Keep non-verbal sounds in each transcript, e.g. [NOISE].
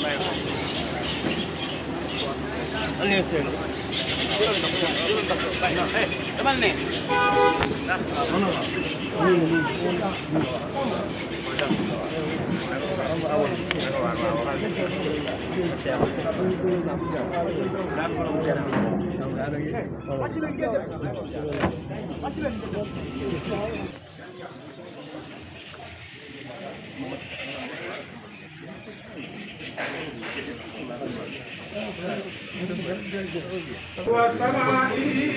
안녕하세요맞네맞지 وسمائه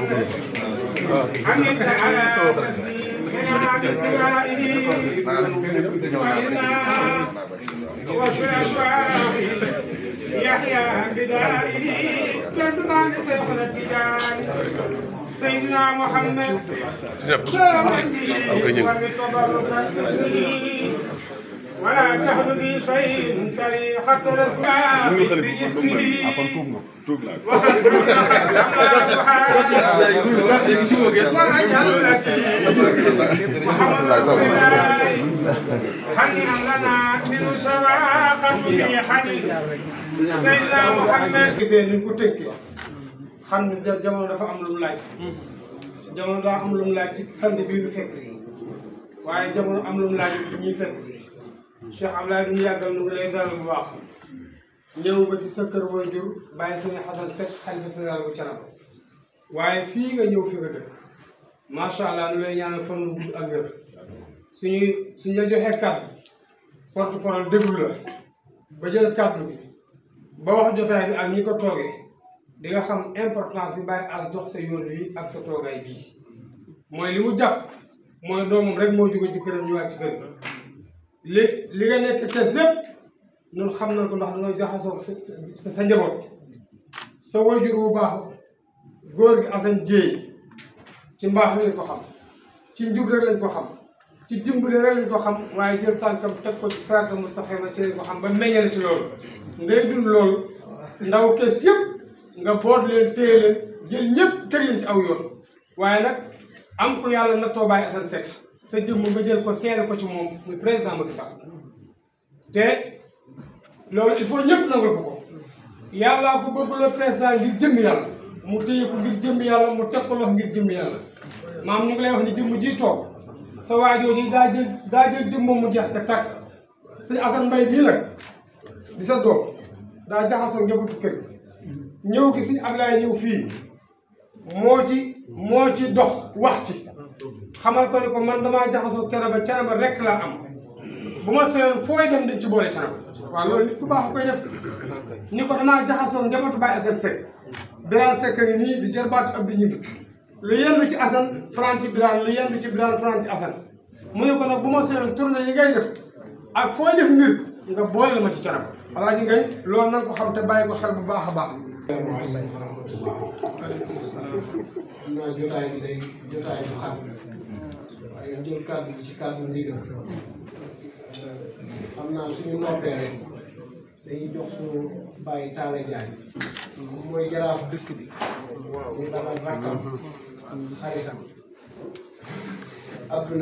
سيدنا محمد عن الدعاء من استوائه وإنا وشعشعائه يحيى سيدنا لشيخنا التجاري سيدنا محمد سامحني ولا تهل في شيء طريقة رسمها بجسمه هنيئا لنا من شواقة في حنين سيدنا محمد xam ne jamono dafa am lu mu laaj jamono daa am lu mu laaj ci sant bii lu fekk si waaye jamono am lu mu laaj ci ñuy fekk si Cheikh Abdoulaye duñu yàggal nu lay dalal bu baax ñëw ba ci sa kër booy jur bàyyi sëñ Xasan Seck xalifa général bu Thiénaba waaye fii nga ñëw fi nga dëkk macha allah nu lay ñaanal fan bu ak wér suñuy suñ la joxee kàddu porte parole déglu la ba jël kàddu bi ba wax jotaay bi ak ñi ko toogee di xam importance bi bàyyi as dox sa yoon wi ak sa toogaay bii mooy li mu jàpp mooy doomam rek moo jóge ci këram ñu wàcc kër léegi li nga nekk kees lépp ñun xam nañ ko ndax dañoo jaxasoo sa sa njaboot sa wajur bu baax góor gi Assane Dieye ci mbaax lañ ko xam ci njub rek lañ ko xam waaye tànkam teg ko ci saaka mu saxee na ci lañ ko ba meññale ci loolu ngay dund loolu ndaw kees yëpp nga boot leen téye leen jël ñëpp teg leen ci aw yoon waaye nag am ko yàlla na toobaay Assane Seck sa jëmm nga jël ko seere ko ci moom muy président Macky Sall te loolu il faut ñëpp nangul ko ko yàllaa ko bëgg la président ngir jëmm yàlla mu téye ko ngir jëmm yàlla mu teg ko loxo ngir jëmm yàlla maam ñu ngi lay wax ni jëmm ji toog sa daa jël daa jël jëmm moom mu jeex te tàkk sëñ Assane Mbaye bii nag di sa doom daa jaxasoo njabootu kër ñëw gi sëñ Ablaye ñëw fii moo ci dox wax ci xamal ko ne ko man damaa jaxasoo caraba caraba rek laa am bu ma seyoon fooy dem dañ ci boole canam waaw loolu nit ku baax koy def ni ko danaa jaxasoo njabootu Baye Assane Seck Birane Seck ngi nii di jërbaatu ab di ñibbi lu yendu ci Assane franci Birane lu yendu ci Birane franci Assane mu ne ko nag bu ma seyoon tournée yi ngay def ak fooy def mbir nga boole ma ci canam alaa ji ngay loolu na nga ko xam te bàyyi ko xel bu baax a baax salaamaaleykum wa rahmatulah aleykum salaam xam naa jotaay xam naa suñu noppee rek dañuy jox suñu bàyyi Talla Diagne mooy jaraaf dëkk bi ñu dalal rakkam xaritam Abdou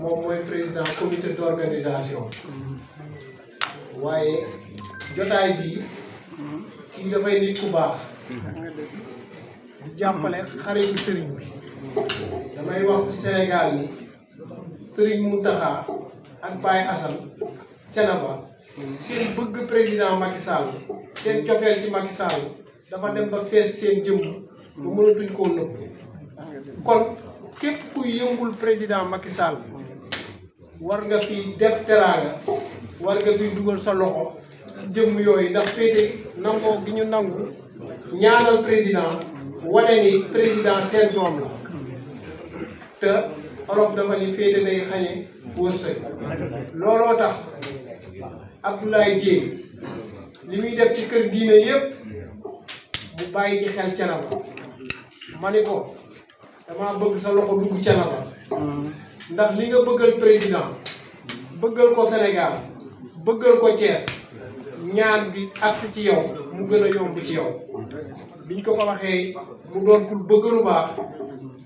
moom mooy président comité d'organisation waaye jotaay bii kii dafay nit ku baax di jàppale xaritu sëriñ bi damay wax ci Sénégal ni sëriñ Mountakha ak Baye Assane Thiénaba seen bëgg président Macky Sall seen cofeel ci Macky Sall dafa dem ba fees seen jëmm ba mënatuñ koo nëbb kon képp ku yëngul président Macky Sall war nga fi def teraanga war nga fi dugal sa loxo jëmm yooyu ndax féete nangoo gi ñu nangu ñaanal président wane ni président seen doom la te olof dafa ni féete day xañe wërsëg looloo tax Abdoulaye Dieng li muy def ci kër diine yépp mu bàyyi ci xel canaba ma damaa bëgg sa loxo dugg canaba ndax li nga bëggal président bëggal ko Sénégal bëggal ko Thiès ñaan bi agsi ci yow mu gën a yomb ci yow biñ ko ko waxee mu doon ku bëgg baax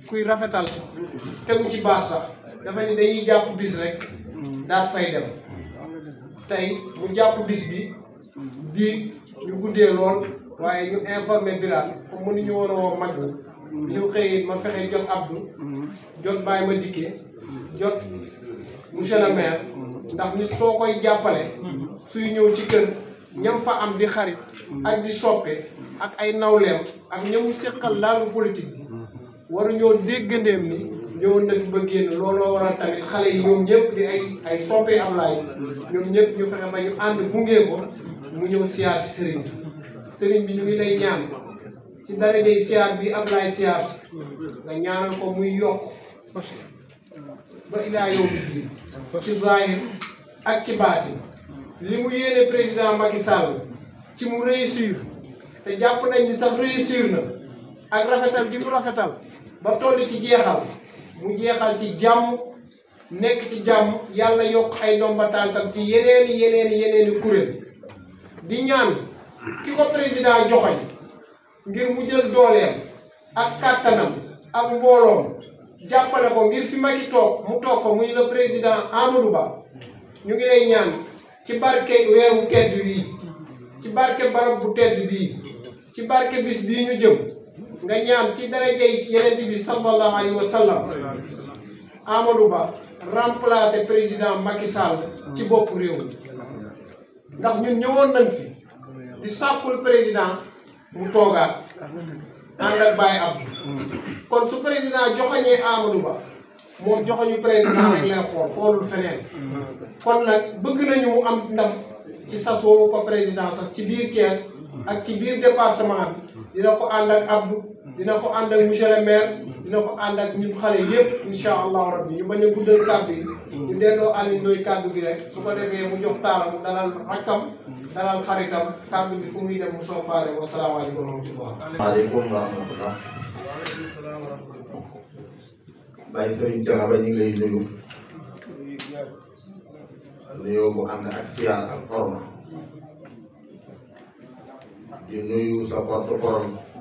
kuy rafetal tegu ci baax sax dafa ni dañuy jàpp bis rek daal fay dem tey mu jàpp bis bi bii ñu guddee lool waaye ñu informé Birane comme mënuñu woon a woo mag ñi ñu xëy ma fexe jot Abdou jot bàyyi ma dikkee jot monsieur le maire ndax nit soo koy jàppale suy ñëw ci kër ñam fa am di xarit ak di soppe ak ay nawleem ak ñamu séqal laa nga politique ñoo déggandeem ni ñëwoon na fi ba génn looloo waral tamit xale yi ñoom ñëpp di ay ay soppee am laay ñoom ñëpp ñu fexe ba ñu ànd gunge ko mu ñëw siyaar si sëriñ bi sëriñ bi ñu ngi lay ñaan ci dara day siyaar bi am laay siyaar si nga ñaanal ko muy yokk ba ilaa yow bi ci zahir ak ci baati li mu yéene président Macky Sall ci mu réussir te jàpp nañ ni sax réussir na ak rafetal gi mu rafetal ba toll ci jeexal mu jeexal ci jàmm nekk ci jàmm yàlla yokk ay ndomba tànkam ci yeneeni yeneeni yeneeni kuréel di ñaan ki ko président joxoñ ngir mu jël dooleem ak kàttanam ak mbooloom jàppale ko ngir fi magi mu toog ko muy le président Amadou Ba ñu ngi lay ñaan ci barke weeru tedd bii ci barke barab bu tedd bii ci barke bis bii ñu jëm nga ñaan ci darajay yeneen bi sallallahu alayhi wa sallam Amadou Ba remplacer président Macky ci bopp réew mi ndax ñun ñëwoon nañ fi di sàkkul président mu toogaat ànd ak bàyyi am kon su président joxoñee Amadou Ba moom joxoñu président rek lay xool xoolul feneen kon nag bëgg nañu mu am ndam ci sasoo ko président sax ci biir Thiès ak ci biir département dina ko ànd ak Abdou dina ko ànd ak monsieur le maire dina ko ànd ak ñun xale yëpp incha allahu rabbi ñu bañ a guddal kàddu yi ñu delloo Aliou Ndoye kàddu su ko defee mu jox taalam dalal rakkam dalal xaritam kàddu fu muy dem mu soofaale wa salaamaaleykum wa rahmatullah waaleykum wa rahmatullah bàyyi sëriñ Thiénaba ñu ngi lay nuyu nuyoo bu ànd ak siyaar ak xorma di nuyu sa porte-parole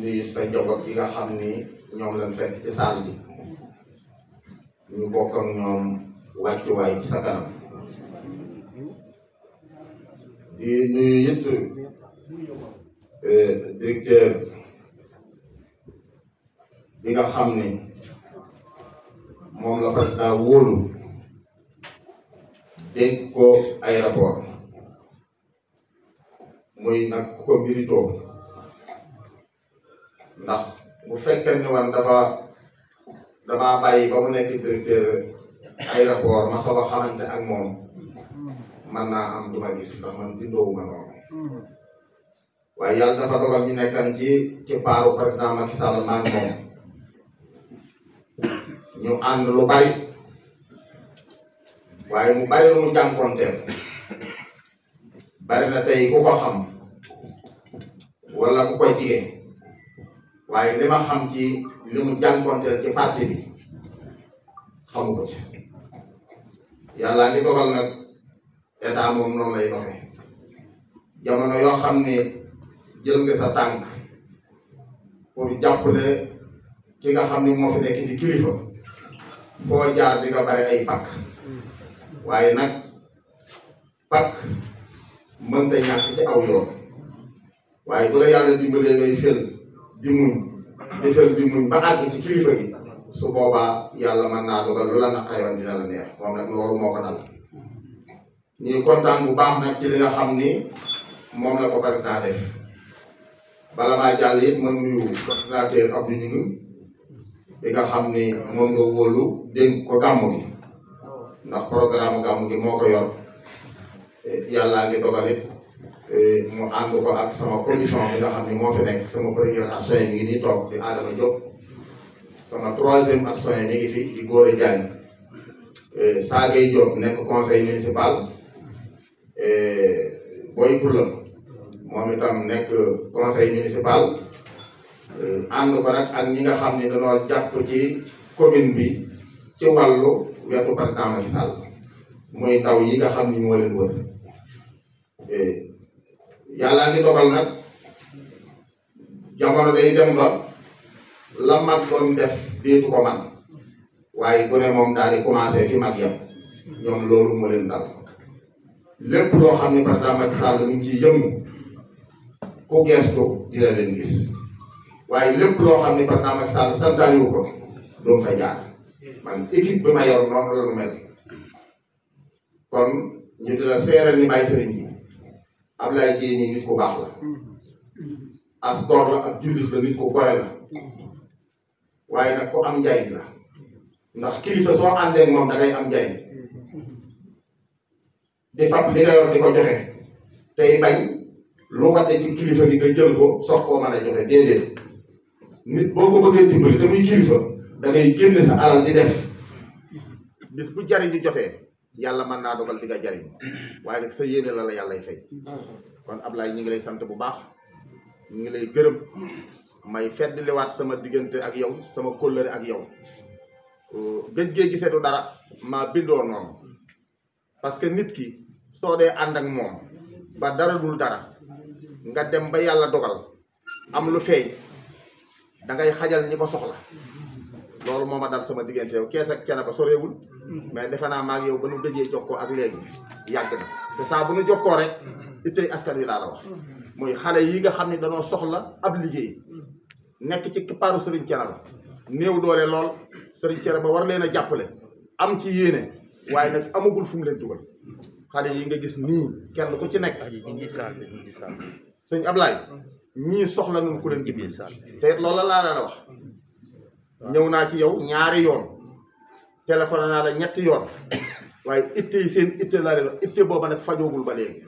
di sa njaboot bi nga xam ni ñoom lañ fekk ci saal bi ñu bokk ñoom wàccuwaay ci sa kanam di nuyu it eh, directeur bi nga xam ni moom la président wóolu dégg ko aéroport muy nag ko biritoo ndax bu fekkee ni woon dafa damaa bàyyi ba mu nekk directeur aéroport ma soog a xamante ak moom man naa am du ma gis ndax man bindoowuma noonu waaye yàlla dafa dogal ñu nekkan ci ci paaru président Macky Sall maa ngi moom ñu ànd lu bari waaye mu bari lu mu jànkonteel bari na tey ku ko xam wala ku koy jigéen waaye li ma xam ci li mu jànkonteel ci parti bi xamu ko ci yàlla ngi nag état moom noonu lay doxee jamono yoo xam ne jël nga sa tànk pour jàppale ki nga xam ne moo fi nekk di kilifa foo jaar di nga bare ay pakk waaye nag pakk mënta ñàkk ci aw yoon waaye bu la yàlla dimbalee ngay di muñ defal di muñ ba àgg ci kilifa gi su boobaa yàlla mën naa dogal lu la naqayoon dina la neex moom nag loolu moo ko dal ñuy kontaan bu baax na ci li nga xam ni moom la ko xam ni moom nga wóolu dénk ko gàmmu gi ndax programme gàmmu gi moo ko yor yàllaa ngi dogal E mu ànd ko ak sama nga xam ne moo fi nekk sama premier adjoint mi ngi fi di Gora Diagne e e nga xam ne dañoo jàpp ci commune bi ci wàllu wetu président Macky Sall muy ndaw yi nga xam ni moo leen wër. yàllaa ngi dogal nag jamono day dem ba la mag doon def déetu ko man waaye ku ne moom daal di commencé fi mag yam ñoom loolu moo leen dal lépp loo xam ne président Macky Sall mu ngi ciy yëngu ku gestu dina leen ko man équipe ma yor noonu la mel kon ñu di la ni bàyyi sëriñ Ablaye Dieng nii nit ku baax la mm-hmm. as gor la ak jullit la nit ku gore la mm-hmm. waaye nag ku am njariñ la ndax kilifa soo àndee ak moom da am njariñ mm-hmm. di fab li nga yor di ko joxe tey bañ lu wate ci kilifa gi nga jël ko soog koo mën a joxe déedéet nit boo ko bëggee dimbali te muy kilifa da ngay génne sa alal di def bis bu jariñu jotee yàlla mën naa dogal bi nga jariñ waaye nag sa yéene la la yàllay fay kon Ablaye ñu ngi lay sant bu baax ñu ngi lay gërëm may feddliwaat sama diggante ak yow sama kóllëre ak yow uh, gëj gee giseetu dara maa bindoo noonu parce que nit ki soo dee ànd ak moom ba dara dul dara nga dem ba yàlla dogal am lu feeñ da xajal ñi ba soxla loolu moo ma dal sama diggante yow kees ak cene ba soreewul Mm-hmm. mais defe naa maag yow ba nu gëjee ko ak léegi yàgg na te saa bu nu jokkoo rek mm-hmm. ittey askan wi laa la wax mm-hmm. mooy xale yi nga xam ne danoo soxla ab liggéey nekk ci kippaaru Serigne Thiénaba néew doole lool cere Thiénaba war leen a jàppale am ci yéene waaye nag amagul fu mu leen dugal xale yi nga gis nii kenn ku ci nekk sëñ Ablaye ñii soxla nañ ku leen dimbali te it loola laa la wax ñëw naa ci yow ñaari yoon téléphone naa la ñetti yoon [COUGHS] waaye itte yi seen itte laa leen itte booba nag fajoogul ba léegi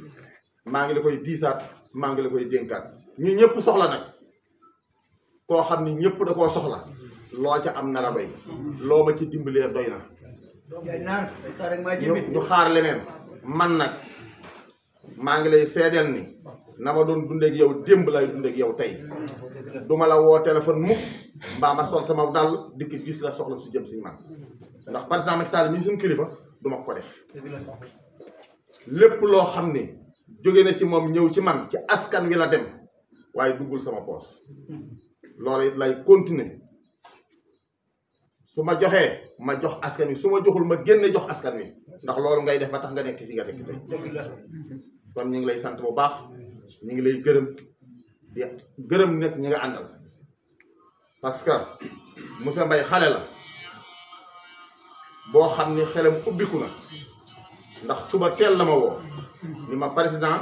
maa ngi la koy diisaat maa ngi la koy dénkaat ñu ñëpp soxla koo xam ni ñëpp da koo soxla loo am na la ma ci dimbalee doy na ñu xaar leneen man nag maa ngi lay seedeel ni na ma doon dundeeg yow démb lay dundeeg yow tey duma la woo téléphone mukk mbaa ma sol sama dal dikk gis la soxla su jëm si man ndax par exemple sa mi sun kilifa du ma ko def lepp lo xamni joge na ci mom ñew ci man ci askan wi la dem waye duggul sama poste lolay lay continuer suma joxe ma jox askan wi suma joxul ma génne jox askan wi ndax lolu ngay def ba tax nga nek ci nga nekk tey kon ñu ngi lay sante bu baax ñu ngi lay gërëm di nek nag ñi nga àndal parce que monsieur mbay xalé la boo xam ni xelam ubbiku na ndax suba teel la ma woo ni ma président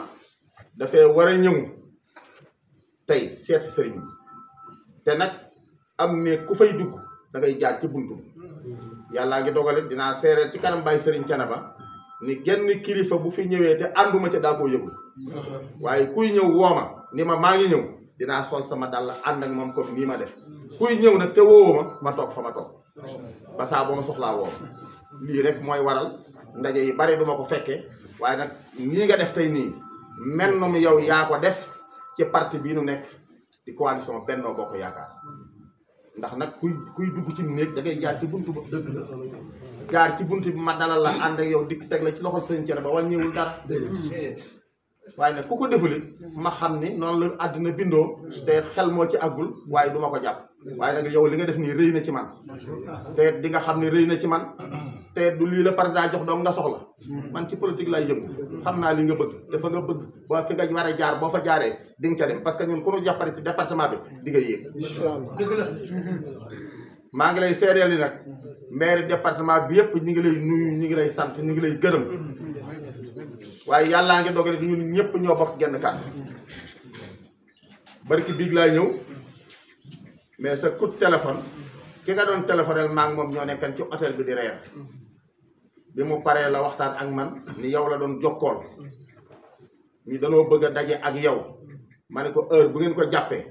dafay war a ñëw tey seet sëriñ bi te nag am ne ku fay dugg da jaar ci bunt buntu yàllaa ngi dogale dinaa seereel ci kanam bàyyi sëriñ Canaba ni genn kilifa bu fi ñëwee te ànduma ca daa koo yëgul waaye kuy ñëw wooma ni ma maa ngi ñëw dinaa sol sama dàll ànd ak moom comme nii ma def kuy ñëw nag te woowuma ma toog fa ma toog ba saa ba ma soxlaa woo lii rek mooy waral ndaje yi bari duma ko fekke waaye nag nii nga def tey nii mel na mu yow yaa ko def ci parti bii nu nekk di coalition Benno Bokk Yaakaar ndax nag kuy kuy dugg ci néeg da ngay jaar ci buntu ba dëgg la jaar ci buntu bi ma dalal la ànd ak yow dikk teg la ci loxol seen Thiénaba wala ñëwul dara waaye nag ku ko defulit ma xam ni noonu la àddina bindoo te xel moo ci agul waaye duma ko jàpp waye iya, kan iya. nak yow li nga def ni reyna ci man te di nga xamni reyna ci man te du li le parda jox doom nga soxla man ci politique lay yëngu xamna li nga bëgg dafa nga bëgg ba fi nga wara jaar bo fa jaaré di nga ca dem parce que ñun ku ñu jàppale ci département bi di nga yéeg ma nga lay seedeel ni nak maire département bi yépp ñi nga lay nuyu ñi nga lay sant ñi nga lay gëreum waye yalla nga dogal ñun ñëpp ñoo bokk genn kàddu barki big laa ñëw mais sa coup de téléphone ki nga doon téléphone maa ngi moom ñoo nekkan ci hôtel bi di reer bi mu paree la waxtaan ak man ni yow la doon jokkool ni danoo bëgg a daje ak yow ma ne ko heure bu ngeen ko jàppee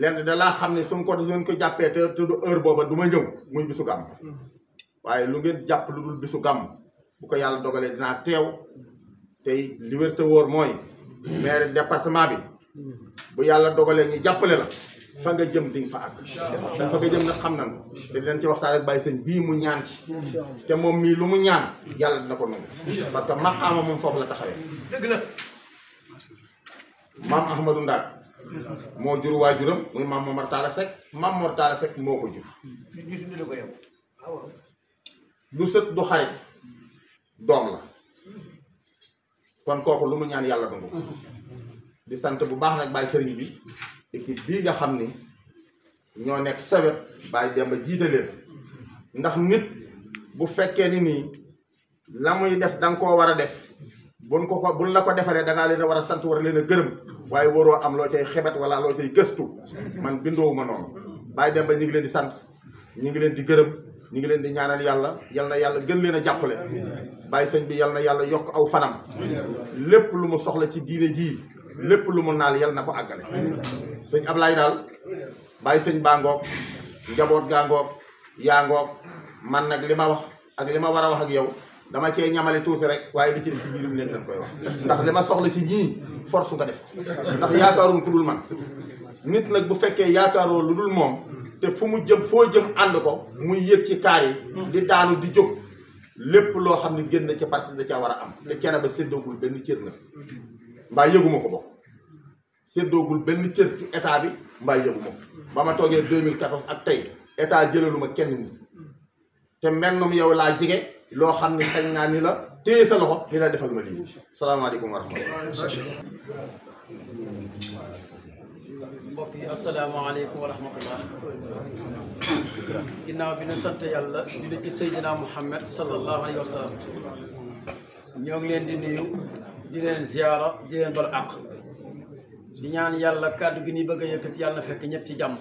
lenn da laa xam ne su ko ngeen ko jàppee te te du heure booba du ma ñëw muy bisu gàmm waaye lu ngeen jàpp lu dul bisu gàmm bu ko yàlla dogalee dinaa teew tey liberté wóor mooy maire département bi bu yàlla dogalee ñu jàppale la fa nga jëm di nga fa àgg fa nga jëm nag xam nan te dinañ ci waxtaan ak bàyyi sëñ bii mu ñaan ci te moom mii lu mu ñaan yàlla dina ko nangu parce que maqaama moom foofu la taxawee dëgg la maam ahmadou ndaat moo jur waajuram muy maam Momar Talla Seck maam Mor Talla moo ko jur du sët du xarit doom la kon kooku lu mu ñaan yàlla nangu di sant bu baax nag bàyyi sëriñ bi équipe bii nga xam ni ñoo nekk sawet bàyyi demba jiite leen ndax nit bu fekkee ni nii la muy def da nga koo war a def buñ ko ko buñ la ko defalee da leen a war a sant war a leen a gërëm waaye waroo am loo cay xebet wala loo cay gëstu man bindoowu ma noonu bàyyi demba ñu ngi leen di sant ñu ngi leen di gërëm ñu ngi leen di ñaanal yàlla yal yàlla gën leen a jàppale bàyyi sëñ bi yal yàlla yokk aw fanam lépp lu mu soxla ci diine jii lépp lu mu naal yal na ko àggale sëñ Ablaay daal bàyyi sëñ baa ngoog njaboot gaa ngoog yaa ngoog man nag li ma wax ak li ma war a wax ak yow dama cee ñamale tuuti rek waaye li ci ne ci biirum nekk lañ koy wax ndax li ma soxla ci ñii force nga def ndax yaakaaroon ku dul man nit nag bu fekkee yaakaaroo lu dul moom te fu mu jëm foo jëm ànd ko muy yëg ci kaar yi di daanu di jóg lépp loo xam ne génn ci parti da ca war a am da cene ba séddoogul benn cër na mbaa yëguma ko bokk séddoogul benn cër ci état bi mbaa yëguma ko ba ma toogee 2014 ak tey état jëlaluma kenn ñi te mennum yow laa jige loo xam ne xañ naa ni la téye sa loxo ni la defal ma lii salaamaaleykum wa rahmatullah mbokk bi na sant yàlla julli ci Seydina Muhammad sallallahu alayhi wa sallam leen di nuyu di leen ziyaara di leen bal àq ñaan yàlla kàddu gi ni bëgg a yàlla na fekk ñëpp ci jàmm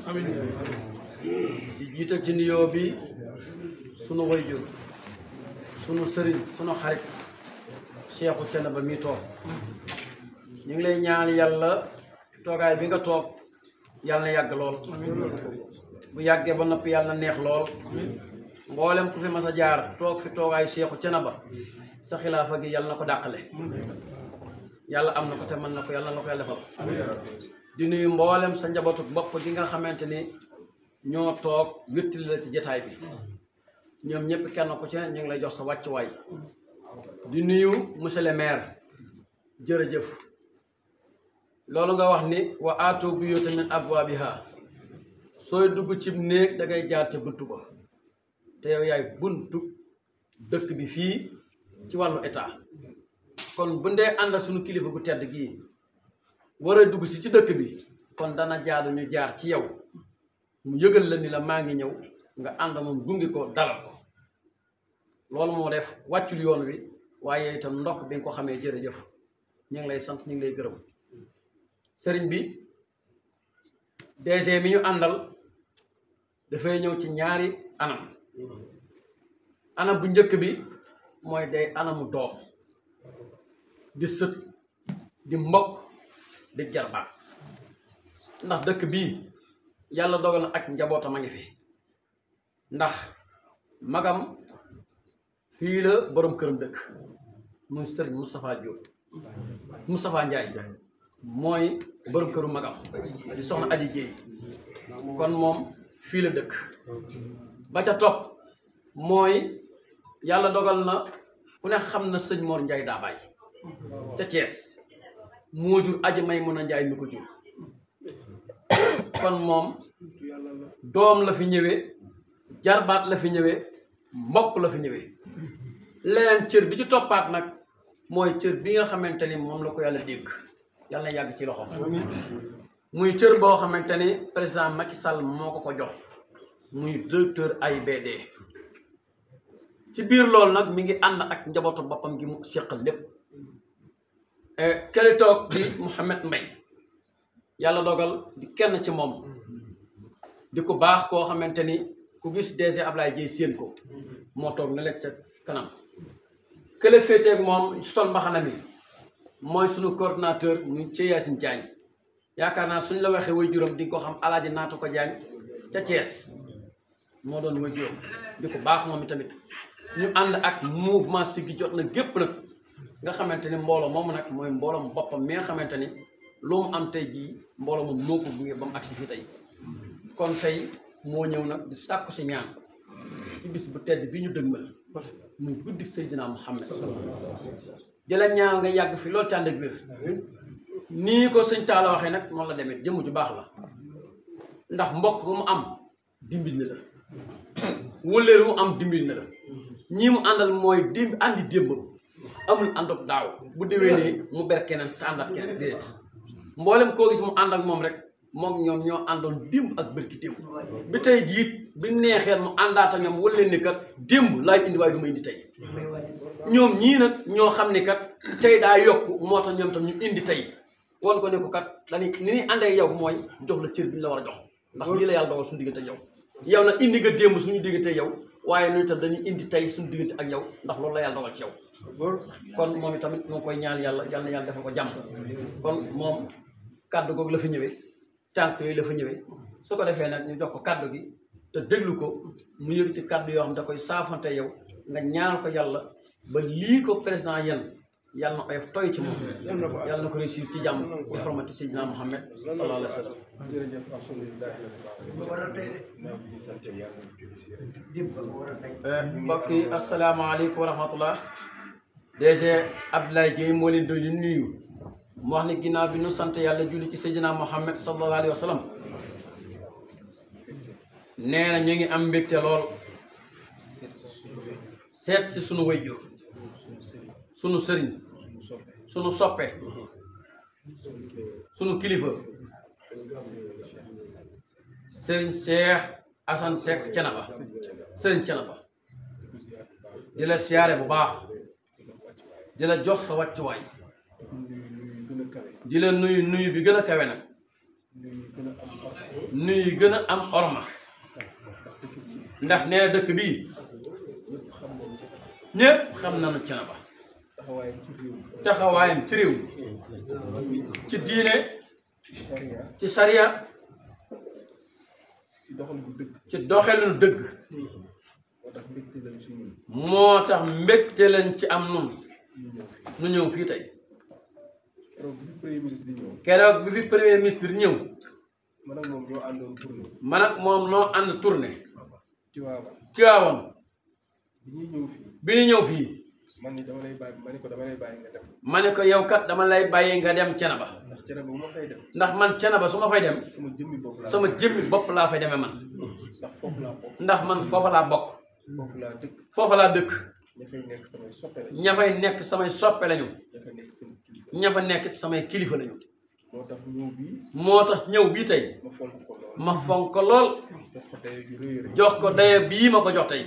di jiital ci nuyoo bi sunu wayjur sunu sëriñ sunu xarit Seexu Thiénaba mi toog ñu ngi lay ñaan yàlla toogaay bi nga toog yàlla na yàgg lool bu yàggee ba noppi yàlla na neex lool mboolem ku fi mas a jaar toog fi toogaayu Seexu Thiénaba sa xilaafa gi yàlla na ko dàqale yalla am na ko te man nako yalla nako yalla ko yàlla defal di nuyu mbollem sa njabotu bopp gi nga xamanteni ño tok wetti la ci jotaay bi ñom ñepp kenn ko ci ñing lay jox sa way di nuyu monsieur le maire jërëjëf lolu nga wax ni wa aatu buyuuta min abwaabiha soy dugg ci néeg da ngay jaar ci buntu ba te yow yaay buntu dekk bi fi ci walu état kon bu ndee ànd suñu kilifa bu tedd gii war a dugg si ci dëkk bi kon dana jaadu ñu jaar ci yow mu yëgal la ni la maa ngi ñëw nga ànd moom gungi ko dalal ko loolu moo def wàccul yoon wi waaye itam ndokk bi nga ko xamee jërëjëf ñu ngi lay sant ñu ngi lay gërëm sëriñ bi DG mi ñu àndal dafay ñëw ci ñaari anam anam bu njëkk bi mooy day anamu doom di sët di mbokk di jarbaat ndax dëkk bii yàlla dogal na ak njabootam a ngi fi ndax magam fii la kër këram dëkk muy sëriñ Moustapha Diop Moustapha Ndiaye mooy borom këru magam di soxna Aji Jéey kon moom fii la dëkk ba ca topp mooy yàlla dogal na ku ne xam na sëñ Mor Ndiaye Daabaay ca ties mo jur aji may mo na njaay mi ko jur kon mom doom la fi ñewé jarbat la fi ñewé mbokk la fi ñewé leen cër bi ci topat nak moy cër bi nga xamanteni mom la ko yalla dégg yalla yag ci loxom muy cër bo xamanteni ni président Macky Sall moko ko jox muy directeur IBD ci bir lol nak mi ngi and ak njabootu bopam gi mu sekkal lepp Eh, kële toog di Mouhamed yàlla dogal di kenn ci moom di ku baax koo xamante ni ku gis DG Ablaye Dieye séen ko moo toog ne lekk ca kanam kële féeteeg moom sol mbaxana mi mooy suñu coordinateur ñu ci Yacine Diagne yaakaar naa suñ la waxee way juróom di nga ko xam alaaji naatu ko Diagne ca Thiès moo doon way juróom di ko baax moom i tamit ñu ànd ak mouvement Siggi jot na gépp nag nga xamanteni ni mom nak moy mbolo bopam mi nga xamanteni ni lu mu am tay jii mbolo mom moo bu gunge bam mu fi kon tay mo ñew nak di sakku ci ñaan ci bis bu tedd bi ñu sayyidina Muhammad di ñaan nga yag fi lo tànd ak wér nii ko sëñ Talla waxe nak mo la demit jëm ju bax la ndax mbokk bu mu am dimbil na la mu am dimbil na la ñi mu andal moy dimb andi dembu amul ànd ak daaw bu déwénee mu ber keneen sàndaat keneen déedéet mboolem koo gis mu ànd ak moom rek moom ñoom ñoo àndoon démb ak bërki démb bi tey jiit bi neexee mu àndaata ñoom wala leen ni kat démb laay indi waaye ñoom ñii nag ñoo xam ne kat tey daa yokk moo tax ñoom ñu indi tey woon ko ne ko kat dañuy ni ñuy àndee yow mooy jox la cër bi ñu la war a jox ndax lii la yàlla dogal suñu diggante yow yow na indi nga démb suñu diggante yow waaye ñun itam dañuy indi tey suñu diggante ak yow ndax loolu la yàlla dogal ci yow kon moom itamit mu ngi koy ñaan yàlla yàlla yàlla defal ko jàmm kon moom kàddu googu la fa ñëwee tànk yooyu la fa ñëwee su ko defee nag ñu jox ko kàddu gi te déglu ko mu yëg ci kàddu yoo xam da koy saafante yow nga ñaan ko yàlla ba lii ko président yéen yàlla na toy ci moom yàlla na réussir ci jàmm ci xormati Seydina Muhammad sallallahu alayhi wa sallam jërëjëf alhamdulilah eh, mbokk DG Abdoulaye Dieye moo leen doon nuyu mu wax ne ginnaaw bi nu sant yàlla julli ci Seydina Muhammad sallallahu alayhi wa sallam ñu ngi am mbégte lool seet si sunu wéjjur sunu sëriñ sunu soppe sunu kilifa sëriñ Cheikh Assane Seck Thiénaba sëriñ Thiénaba di la siyaare bu baax di la jox sa wàccuwaay di la nuyu nuyu bi gën a kawe nag nuyu gën a am orma ndax nee dëkk bii ñépp xam nañu Thiénaba taxawaayam ci réew ci diine ci sariya ci doxalinu dëgg moo tax mbégte leen ci am noonu mu ñëw fii tey keroog bi fi premier ministre di ñëw man ak moom ñoo àndoon tournée man ak moom noo ànd tournée ci waawoon bi ñu ñëw fii man ni dama lay bàyyi ma ne ko dama lay bàyyi nga dem ma yow kat ndax man Thiénaba su ma fay dem sama jëmmi bopp laa fay demee man ndax foofu laa bokk ndax man foofa laa bokk foofa laa dëkk foofa laa dëkk ña fay nekk samay soppe lañu. ña fay nekk samay fa nekk samay kilifa lañu. moo tax ñëw bii. moo tax tey. ma fonk ko lool ma ko jox ko daye bii ma ko jox tey.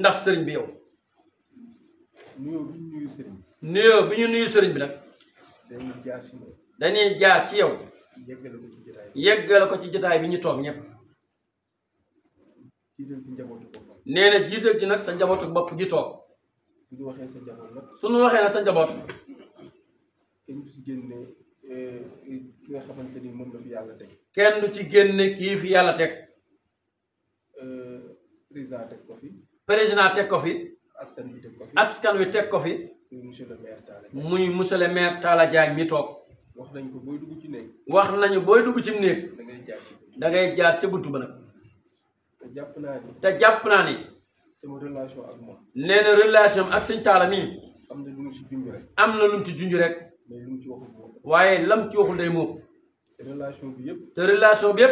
ndax sëriñ bi yow. nuyoo bi ñu nuyu sëriñ bi. nuyoo nag. dañuy jaar ci yow. dañuy jaar ko ci jotaay bi ñu toog ñëpp. jiital nee na jiital ci nag sa njabootu bopp gi toog. suñu waxee sa njaboot nag. waxee na sa njaboot. kenn du ci génne eh, nga xamante ni moom la yàlla teg. kenn du ci génne kii fi yàlla teg. Eh, président teg ko fi. teg ko fi. askan wi teg ko fi askan wi teg ko fi. muy monsieur le maire Talla muy monsieur le maire Talla Diagne mi toog. wax nañ ko booy dugg ci néeg. wax nañu booy dugg ci néeg. da jaar ci buntu ba nag. te jàpp naa ni. te jàpp naa ni. sama relation ak moom. nee na relation ak sëñ Talla mii. am na lu mu ci junj rek. am na lu ci junj rek. mais lu waaye lam ci waxul day moom. te relation bi yëpp. te relation bi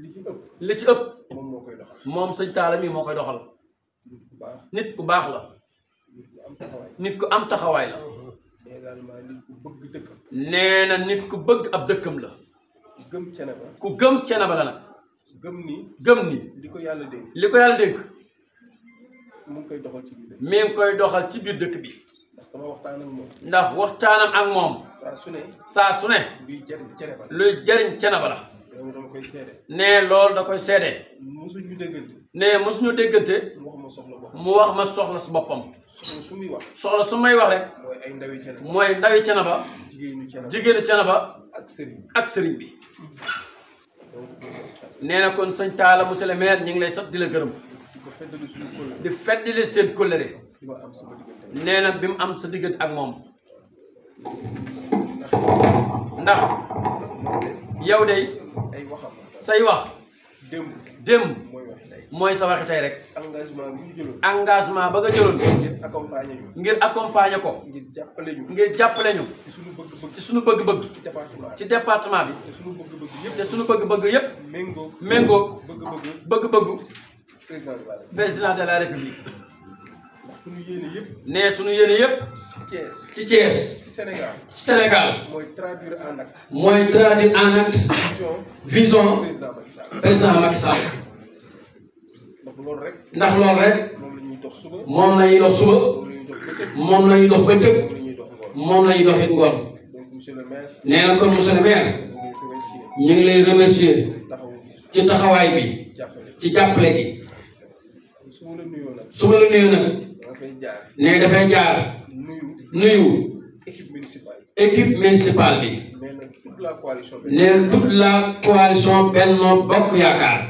li ci ëpp. li ci moom moo koy doxal. moom sëñ Talla mii moo koy doxal. nit ku baax la. nit ku am taxawaay. nit ku am taxawaay la. également nit ku bëgg na nit ku bëgg ab dëkkam la. ku gëm Cenaba. ku gëm Cenaba la nag. gëm ni gëm ni. li ko yàlla dénk li ko yàlla dénk. mu ngi koy doxal ci biir dëkk doxal ci biir dëkk bi. ndax sama waxtaan ak moom. ndax waxtaanam ak moom. saa su ne. saa su ne. luy jëriñ Thiénaba la luy jëriñ Thiénaba koy seede. ne lool da koy seede. mosuñu déggante. ne mosuñu déggante. mu wax ma soxla boppam mu wax ma soxla su boppam. soxla su muy soxla su may wax rek. mooy ay ndawi Thiénaba. mooy ndawi Thiénaba. jigéenu Thiénaba jigéenu Thiénaba. ak ak sëriñ bi. nee na kon sëñ Talla monsieur le ñu ngi lay sant di la gërëm di feddali seen kóllëre nee na bi mu am sa diggante ak moom ndax yow de say wax démb moy sa waxi tay rek. engagement bi ñu engagement ba nga jëloon. ngir accompagner ñu. ngir accompagner ko. ngir jàppale ñu. ngir jàppale ñu. ci suñu bëgg-bëgg. ci département bi ci suñu bëgg-bëgg yëpp. te suñu bëgg-bëgg yëpp. méngóog méngóog. bëgg-bëggu bëgg-bëggu. président de la république suñu yéene suñu yéene ci Thiès ci Thiès. Sénégal Sénégal. traduire en acte. moy traduire en acte. vision vision président Macky Sall. ndax loolu rek moom la ñuy dox suba moom la ñuy dox bëccëg moom la ñuy dox it ngoon nee na kon monsieur le ñu ngi lay remercier ci taxawaay bi ci jàppale gi su ma la nuyoo nag nee dafay jaar nuyu équipe municipale bi nee toute la coalition Benno Bokk Yaakaar.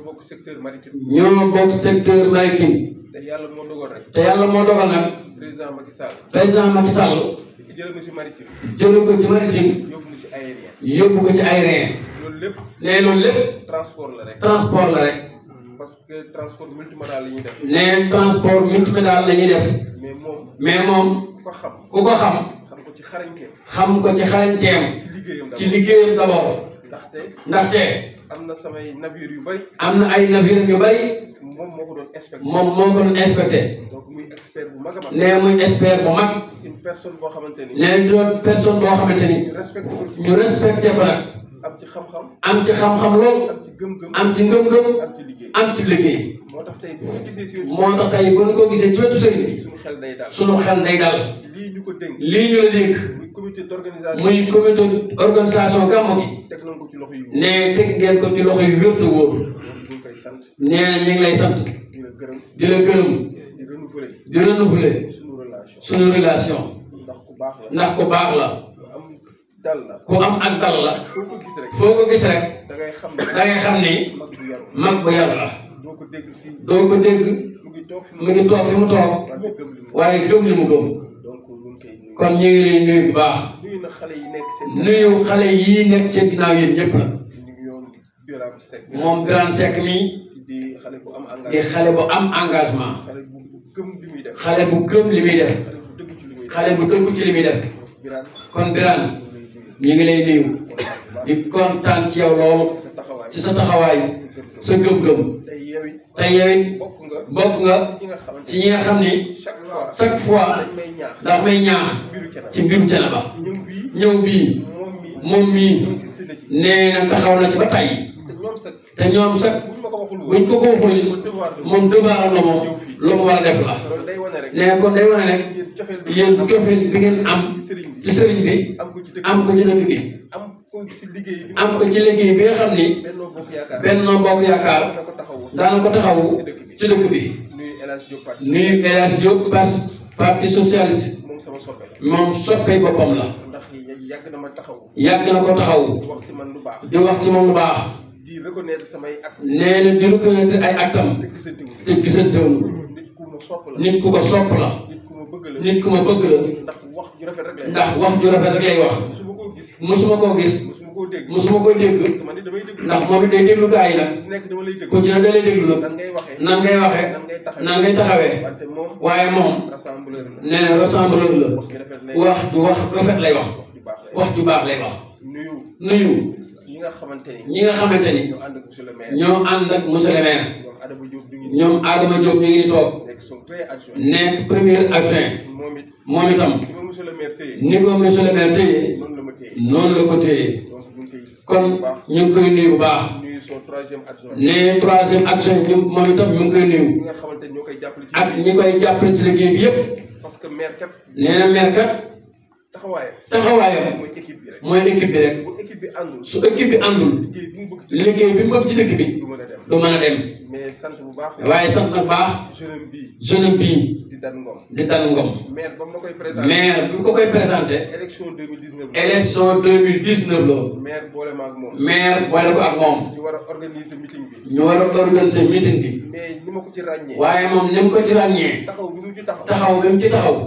ñoo bokk secteur maritime. ñoo bokk secteur maritime. te yàlla moo dogal rek. moo dogal nag. président Macky Sall. président Macky Sall. jëlee ko ci maritime. jëlee ko ci maritime. yóbbu ko ci aérien. yóbbu ko transport la rek. transport parce que transport multimodal la ñuy def. nee transport multimodal la def. mais moom. mais moom. ku ko xam ko xam. xam ko ci xarañteem. xam ko ci xarañteem. ci liggéeyam d'abord ci liggéeyam d'abord. ndaxte. ndaxte. am na samay yu bëri. am na ay navire yu bëri. moom moo ko doon inspecté moom moo ko doon inspecté. muy expert bu mag a mag. nee une personne boo xamante ni. nee doon personne boo xamante ni. respecté ñu respecté ko am ci xam-xam. am ci xam-xam lool. am ci gëm-gëm am ci ngëm-ngëm. am ci moo tax tey bu ñu gisee si. moo tax tey bu ñu ko gisee ci wetu sëriñ bi. suñu xel day daal lii ñu ko dénk. lii ñu la dénk. muy comité d'organisation muy comité teg nañ ko ci loxo yu wóor. nee teg ngeen ko ci loxo yu wér te wóor. nee na ñu ngi lay sant. di la gërëm di la gërëm. di suñu relation suñu relation. ndax ku baax la ndax ku baax la. dal la ku am ak dal la. foo ko gis rek foo ko gis rek. xam ne da ngay xam ni. mag bu yar la. doo ko dégg si doo ko dégg. mu ngi toog fi mu toog waaye gëm li mu gëm. donc ñu ngi kon ñu ngi lay nuyu bu baax. nuyu na xale yi nekk seen. nuyu xale yi nekk seen ginnaaw yéen ñëpp la. moom Birame Seck mi. di xale bu am engagement. di xale bu am engagement. xale bu gëm li muy def. xale bu gëm li muy xale bu dëgg ci li muy def. kon Birame ñu ngi lay nuyu. di kontaan ci yow lool. ci sa taxawaay. sa gëm-gëm. te yewit bokk nga ci ñi nga xam ni chaque fois ndax may ñaax ci mbirum Thiénaba ñëw bii moom mii nee na taxaw na ci ba tàyyi te ñoom sax buñ ko ko waxul moom devoir la moom lu mu war a def la nee kon day wane rek yéen cofeel bi ngeen am ci sëriñ bi am ko ci dëkk bi. am ko ci liggéey bi nga xam ni Benno Bokk Yaakaar daana ko taxawu ci dëkk bi nuyu El Hadj Diop parti si moom soppee boppam la yàgg na ma taxawu yàgg na ko taxawu di wax ci ma lu baax nee na di reconnaître ay actam te gisantewul nit ku ko sopp la nit ku ma bëgg la ndax wax ju rafet rek lay wax. mosuma koo gis mosuma koo dégg ndax moom it day déglu gaa yi la ku ci ne da lay déglu la nan ngay waxee nan ngay taxawee waaye moom nee na rassembleur la wax du wax rafet lay wax wax ju baax lay wax nuyu ñi nga xamante ni ñoo ànd ak monsieur le maire. ñoom Adama Diop mi ngi toog nekk premier adjoint moom itam ni ko monsieur le maire téye noonu la ko téye kon ñu ngi koy nuyu bu baax ne troisième adjoint bi moom itam ñu ngi koy nuyu ak ñi koy jàppale ci liggéey bi yëpp nee na taxawaayam taxawaayam mooy équipe bi rek bi rek bu équipe bi àndul su équipe bi àndul bi mu ci dëkk bi du mën a dem mais sant bu baax waaye sant bu baax jeune bi jeune bi di dal ngom di dal ngom maire koy présenté maire bi mu ko koy présenté élection 2019 élection 2019 la maire boole ak moom maire boole ko ak moom ñu war a organiser meeting bi ñu war a organiser meeting ko ci ràññee waaye moom ni ko ci ràññee taxaw bi mu ci ci taxaw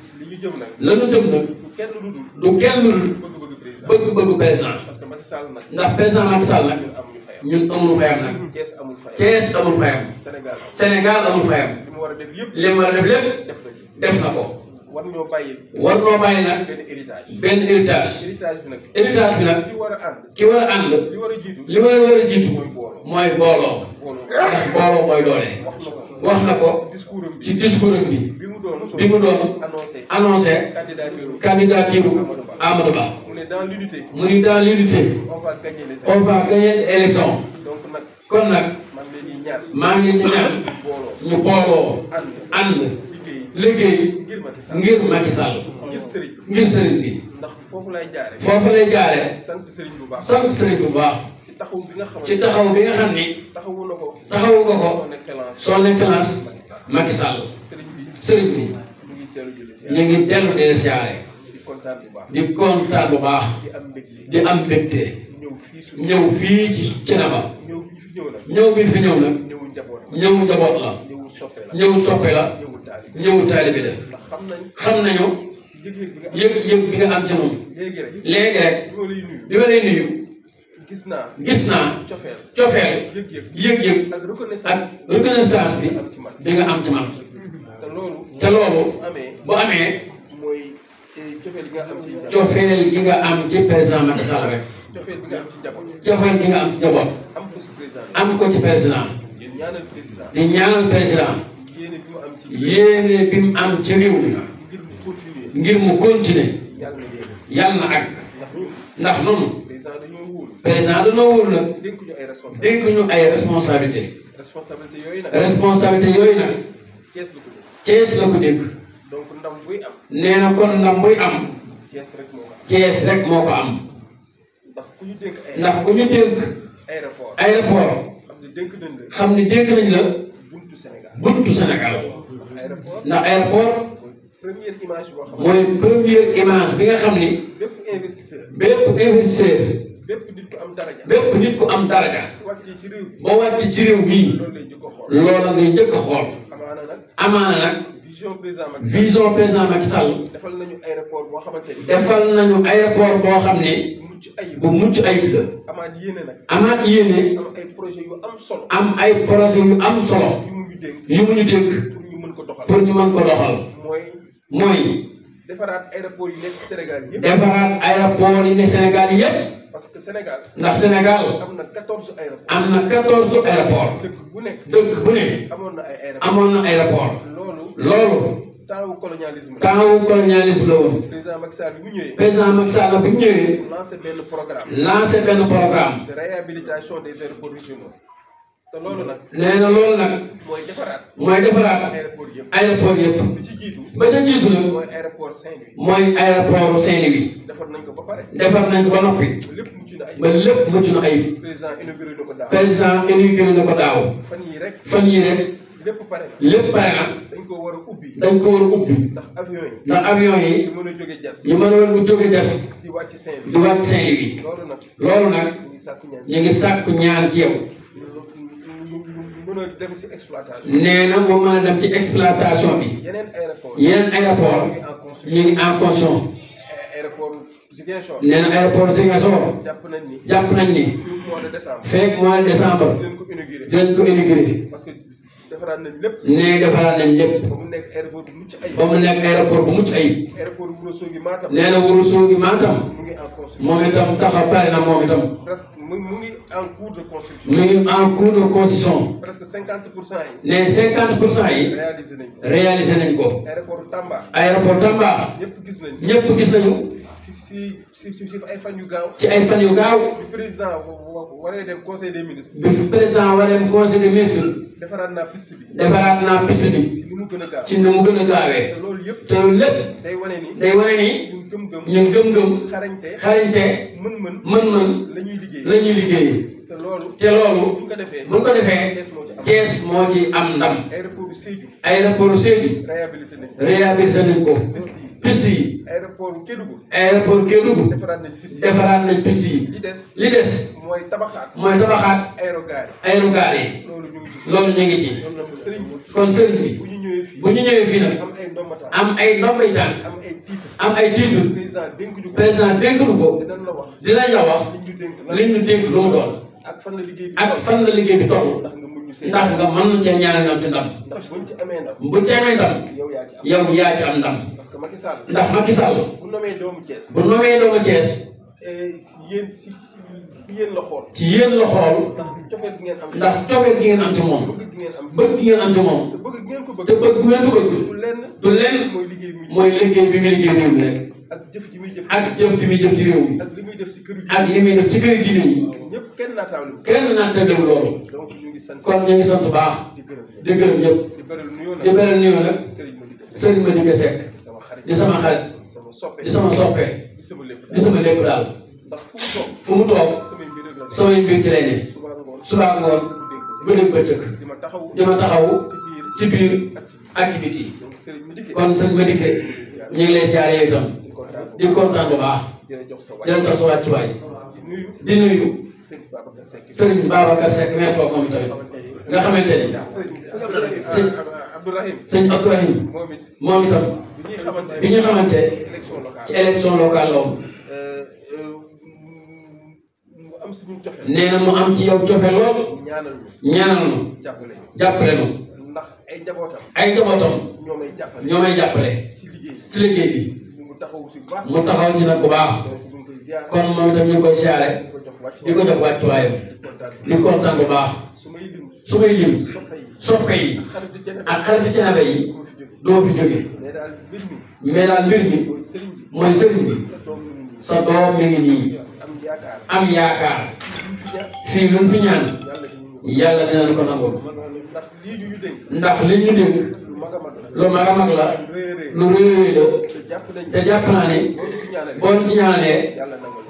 li jëm nag. la ñu jëm nag. du kenn lu bëgg-bëggu président. que Macky Sall nag. ndax président Macky Sall nag. ñun amul fayam nag. Thiès amul fayam. Thiès amul fayam. Sénégal amul fayam. li mu war a def lépp. li mu war a def lépp. def na ko. war ñoo bàyyi. war ñoo bàyyi nag. benn héritage. héritage. bi nag. ki war a ànd. li war a war a jiitu. mooy booloo. mooy booloo. mooy doole. wax na ko. ci discours bi. bi mu doon annoncé candidature Amadou Ba mu ni dans l'unité on va gagner l'élection kon nag maa ngi leen di ñaan ñu booloo ànd liggéey ngir Macky Sall ngir sëriñ bi foofu lay jaare sant sëriñ bu baax ci taxaw bi nga xam ni taxawu nga ko son excellence Macky Sall sëriñ bi ñu ngi dellu dee siyaare di kontaan bu baax di am mbégte ñëw fii ci Thiénaba ñëw bi fi ñëw nag ñëw njaboot la ñëw soppe la ñëw taalibi la xam nañu yëg-yëg bi nga am ci moom léegi rek bi ma lay gis naa gis naa cofeel yëg-yëg ak reconnaissance bi bi nga am ci man te loolu bu amee eh, cofeel gi nga am ci président Macky Sall rek cofeel gi nga am ci njaboot am ko ci président di ñaanal président yéene bi mu am ci réew mi ngir mu continuer yàlla na ak ndax noonu président dañoo wóolu la dénk ñu ay responsabilité responsabilité yooyu nag Cees la ko dégg. donc ndam buy am. nee kon ndam buy am. Cees rek moo ko am. Cees ndax ku ñu dégg ay. ndax ku ñu dégg. aéroport xam ne dégg nañ la. xam ne dégg nañ la. buntu Sénégal buntu Sénégal. ndax aéroport. première image boo xam mooy première image bi nga xam ni. bépp investisseur bépp nit ku am daraja. bépp nit ku am daraja. ba wàcc ci réew mii. loola ngay njëkk a xool. amaana nag. vision président Macky Sall vision président Macky Sall. defal nañu aéroport boo xamante ni. defal nañu aéroport boo xam ne. bu mucc ayib la. amaat yéene nag. amaat am ay projet yu am solo. am ay projet yu am solo. yu mu ñu dénk yu mu ñu dénk. pour ñu mën ko doxal pour ñu mën ko doxal. mooy. defaraat aéroport yi nekk Sénégal yëpp. defaraat parce que Sénégal. ndax Sénégal. am na quatorze aéroports. dëkk bu nekk dëkk amoon na ay aéroports amoon na aéroports. loolu. loolu. temps la. woon. président Macky Sall bi mu ñëwee. président Macky Sall bi mu ñëwee. benn programme. te loolu nag nee na loolu nag. mooy defaraat. mooy defaraat. aéroport yëpp aéroport jiitu. ba ca jiitu nag. mooy aéroport Saint-Louis. defar nañ ko ba pare. defar nañ ko ba noppi. ba lépp mucc na ayib ba lépp mucc na ayib. président inauguré na ko daaw. président inauguré na ko daaw. fan yii rek. fan yii rek. lépp pare na. lépp dañ ko war a ubbi. dañ ko war ndax avion yi. ndax avion yi. ñu mën a jóge jas. ñu mën a jóge jas. di wàcc Saint-Louis. di wàcc Saint-Louis. loolu nag. loolu nag. ñu ngi sàkku ñaan ci mën a dem ci exploitation. nee na moom mën a dem ci exploitation bi. yeneen aéroport yeneen aéroport ñu ngi en construction. aéroport Ziguinchor. nee na aéroport jàpp nañ ni jàpp nañ ni. mois de décembre. feeg ko inauguré defaraat é lépp. nee defaraat nañ lépp. ba mu nekk aéroport bu mucc ayib. ba mu nekk aéroport bu mucc ayib. aéroport Wuro Sogi Matam. nee na Wuro Sogi Matam. mu ngi en construction moom itam taxaw pare na moom itam. mu ngi en cours de construction. mu ngi en de construction. presque cinquante pour cent yi. nee cinquante pour cent yi. réalisé nañ ko aéroport Tamba. aéroport Tamba. ñëpp gis nañ ñëpp gis nañu. si si fan yu gaaw. ci ay fan yu gaaw. bi président waree dem des ministres. bi président waree dem conseil des ministres. defaraat naa piste bi. defaraat naa ci ni gën a gaaw te loolu yëpp te loolu lépp. day wane ni day wane ni. ñun gëm-gëm ñun gëm-gëm. xarañte mën-mën mën la ñuy liggéey la ñuy liggéey. te loolu te loolu. bu ñu ko defee bu ñu ko defee. Cees moo ci am ndam. aéroport Sédhiou. aéroport Sédhiou. réhabilité nañ piste yi. aéroport Kédougou. aéroport Kédougou. defaraat nañ piste yi defaraat nañ piste yi. li des li des. mooy tabaxaat. mooy tabaxaat. yi aérogaar loolu ñu ngi ñu ngi ci. kon bi bu ñu ñëwee fii bu ñu ñëwee fii nag. am ay ndomba am ay ndomba tànk am ay titre am ay titre. président dénkuñu ko président dénkuñu ko. dinañ la wax dinañ la wax. li ñu dénk ñu dénk lu mu doon. ak fan la liggéey bi toll. ndax nga mën cee ñaari ndam ci ndam. buñ ci amee ndam. buñ yaa ci am ndam. parce que Macky Sall. ndax Macky Sall. bu nomee doomu Thiès. bu nomee doomu Thiès. Eh, yéen si yéen la xool. ci yéen la xool. ndax cofeel gi ngeen am. ndax cofeel gi ngeen moom. bëgg gi ngeen am ci moom. te bëgg ngeen ko bëgg. te bëgg ngeen ko bëgg. du lenn. mooy liggéey bi ngeen liggéey rek. ak jëf ji muy jëf ak jëf ji ci réew mi. ak li muy def ci kër gi ak li ci kër gi ñëpp kenn naa taawlu. kenn naa taawlu loolu. donc ñu ngi sant ñu ngi sant baax. di gërëm ñëpp di gërëm ñëpp. di beral nuyoo nag di beral nuyoo nag. Serigne Madické Seck. di sama xarit di sama soppe di sama lépp di sama lépp daal. ndax fu mu toog fu mu toog samay mbir ci lay ne. subaa ngoon bu dégg bëccëg di ma taxaw ci biir ak ci biti kon Serigne Madické ñu ngi lay siyaare yow di kontaan bu baax di la jox sa wàccuwaay di nuyu Serigne Babacar Seck mee toog moom tamit nga xamante ni sëñ sëñ Abdourahim moom itam bi ñu xamante ci élection locale la woon euh, euh, nee na mu am ci yow cofe lool ñaanal ñu jàppale ay njabootam ñoo may jàppale ci liggéey mu taxaw ci nag bu baax kon moom itam ñu koy siyaare di ko jox wàccuwaayam di kontaan bu baax su may lim soppe yi ak xaritu canabe yi doo fi jóge mais daal mbir mi mooy sëriñ bi sa doom mi ngi nii am yaakaar fii lu mu fi ñaan yàlla dina la ko nangul ndax li ñu dénk lu mag a mag la lu réy la te jàpp naa ne bon ci ñaanee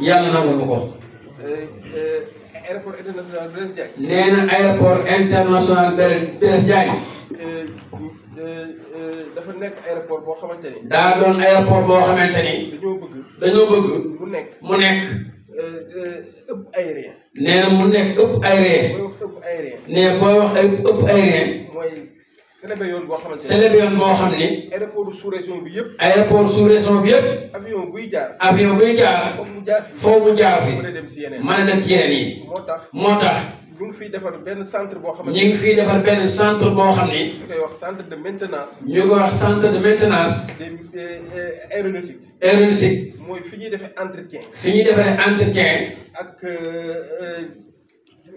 yàlla nangul mu ko. nee na international Blaise Diagne. dafa nekk aéroport boo xamante ni. daa doon aéroport boo xamante ni. dañoo bëgg. mu nekk mu mu nekk ëpp aérien. nee booy ëpp aérien. célébé yoon boo xamante ne célébé yoon boo xam ne. aéroport sous région bi yëpp. aéroport sous région bi yëpp. avion buy jaar buy jaar. foofu mu jaar fi foofu mu jaar dem ci yeneen mën a dem ci yeneen yi. moo tax moo tax. ñu ngi fiy defar benn centre boo xam ne. ñu ngi fiy defar benn centre boo xam ne. ñu koy wax centre de maintenance. ñu koy wax centre euh, mooy fi ñuy defee entretien. fi ñuy defee entretien. ak. Euh, euh,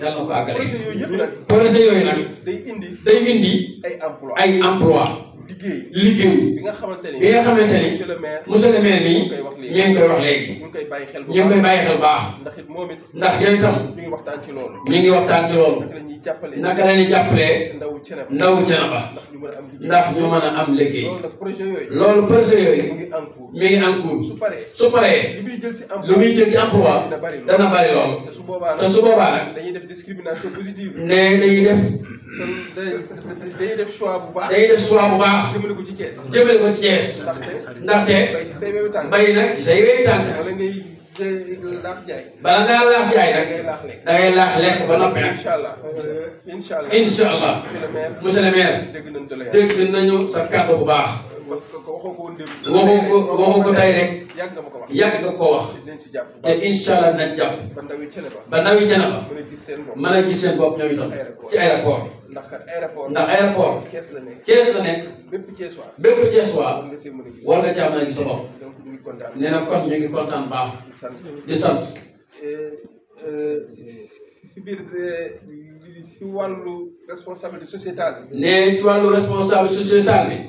yàlla na ko àggale projet ay emploi liggéey liggéey bi nga xamante ni bi nga xamante ni monsieur le maire monsieur le ngi koy wax léegi ñu ngi koy bàyyi xel bu baax ñu ngi koy bàyyi xel bu baax ndax it moom it ndax yow itam mi ngi waxtaan ci loolu naka la ñuy ndaw Thiénaba ndax ñu mën a am liggéey loolu projet yooyu loolu projet yooyu mi ngi en cours mi ngi en cours su paree su paree lu muy jël ci emploi lu muy dana bari lool te su boobaa nag te su boobaa nag dañuy def discrimination positive ne dañuy def dañuy def choix baax jëmale ko ci Thiès jëmale ko ci Thiès ndaxte bay nag ci say wewi tànk bala ngaa laax jaay ba noppi nag incha allah monsieur le maire dégg nañu sa kàddu bu parce que ko woon démb. waxoo ko waxoo wax te incha allah dinañ jàpp. ba ndawi cene ba ba ndawi cene ba. mën a gis seen bopp mën a gis seen bopp ñoom la nekk Thiès war nga caa mën a gis sa bopp. nee na di sant ci biir ci wàllu responsabilité sociétale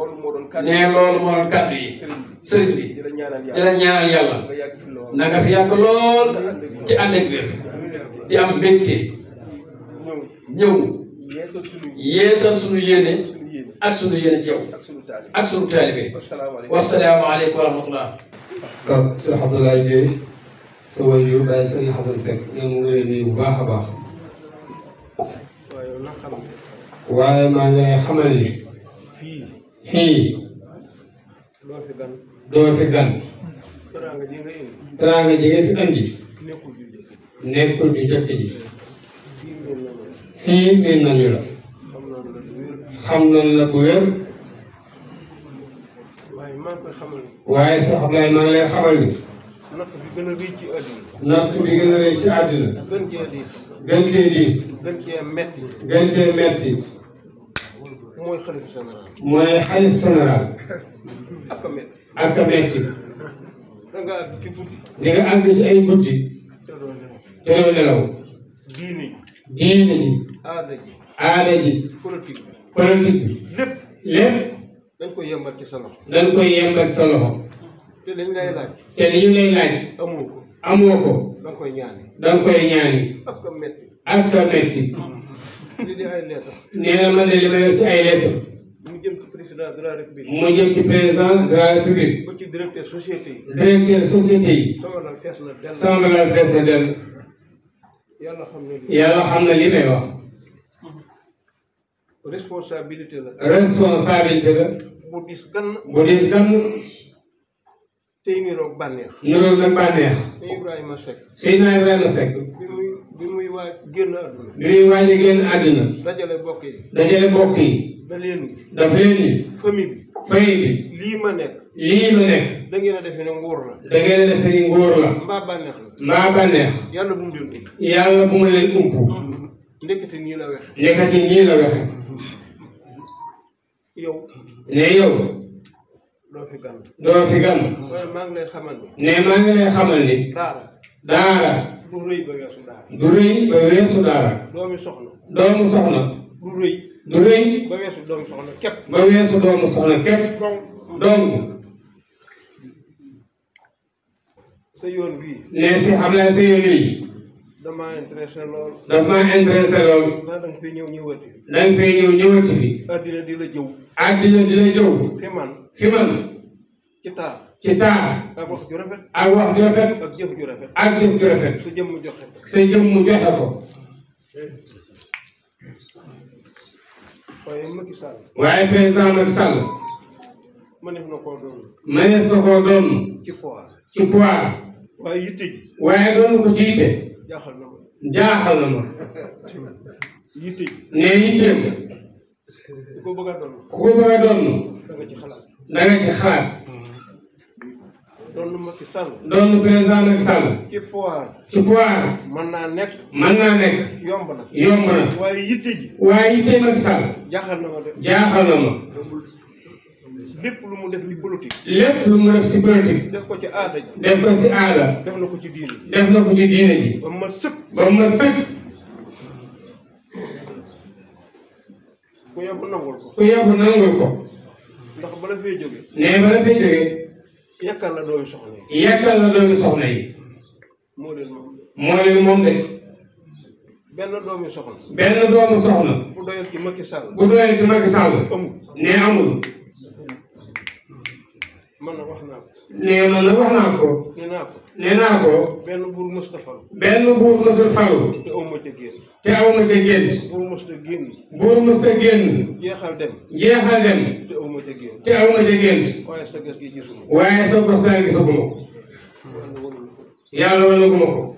loolu moo doon kàddu yi loolu moo doon kàddu yi nga fi yàgg lool ci ànd ak wér di am mbégte ñëw yeesal suñu yéene ak suñu yéene ci yow ak suñu taalibe wasalaamaaleykum wa rahmatullah kon sëriñ Abdoulaye sa wàllu bàyyi a baax waaye maa fii doo fi gan teraanga ji nga fi andi nekkul ju jëkk ji fii miin nañu la xam nañ la bu wér waaye sax Ablaye maa ngi lay xamal ni natt bi gën a rëy ci àddina natt bi gën a rëy ci àddina gën cee diis gën cee metti gën cee metti mooy xalif général. mooy xalif général. ak a métti. ak a métti. da nga àgg ci ay guddi. te doo nelaw. te doo nelaw. diine ji. diine ji. dañ koy yembal ci sa loxo. koy yembal ci te dañ lay laaj. te da nga koy ñaani. da koy ñaani. ak a métti. li di ay lettre. nee na man de ay lettre. mu jëm ci président de la république. ba directeur société yi. directeur société fees na dell. sama lal na dell. wax. responsabilité la. bu dis gan. bu dis gan. tey niroog bànneex. niroog nag waaj génn àdduna. bi ma waaj a dajale mbokk dajale mbokk yi. da leen ni. daf leen bi. famille bi. lii ma nekk. lii ma nekk. da a defe ne nguur la. da ngeen a defe ni nguur la. mbaa bànneex la. mbaa bànneex. yàlla bu mu leen ump. yàlla bu nii la wex. ne yow. doo fi gan. ne maa ngi lay xamal ni. daara. lu rëy ba weesu daara. lu rëy ba weesu daara. rëy. lu rëy. ba weesu doomu soxna képp. ba weesu doomu soxna sa yoon bii. nee si xam naa sa yoon bii. daf maa intéressé lool. daf maa intéressé lool. da nga fay ñëw ñëwaat fi. da nga fay ñëw ñëwaat ci taar. ci taar wax ju rafet ak wax ju rafet ak jëf ju rafet mu joxe ko waaye Macky Sall waaye mënees na koo doon ci poids ci poids waaye yitte ci yitte jaaxal na ma jaaxal na ma yitte ji ku ko bëgg a doon ku ci xalaat doonu Macky Sall. doonu président Macky Sall. ci pouvoir. ci pouvoir. mën naa nekk. mën naa nekk. yomb na. yomb na. waaye yitte ji. waaye yitte Macky Sall. jaaxal na ma de. jaaxal na ma. lépp lu mu def ci politique. lépp lu mu def ci politique. def ko ci aada ji. def ko ci aada. def na ko ci diine. def na ci diine ji. ba mu mat ba mu mat ku yóbbu nangul ko. ku yóbbu nangul ko. ndax bala fee fee jógee. yekkal la doomi soxna yi. yekkal la doomi soxna yi. moo leen moom de. benn doomi soxna. benn doomi soxna. bu doyal ci Macky Sall. bu doyal ci Macky Sall. amul nee amul. man na wax naa ko. nee man na naa ko. nee naa ko. benn buur Moustapha. benn buur Moustapha. te aw ma génn. te aw ma ca génn. buur mos a génn. buur mos a génn. jeexal dem. jeexal dem. te aw ma ca génn. te aw ma ca génn. waaye sa gos gi gisuma. waaye sa gos gaa gisaguma ko. yàlla wanaguma ko.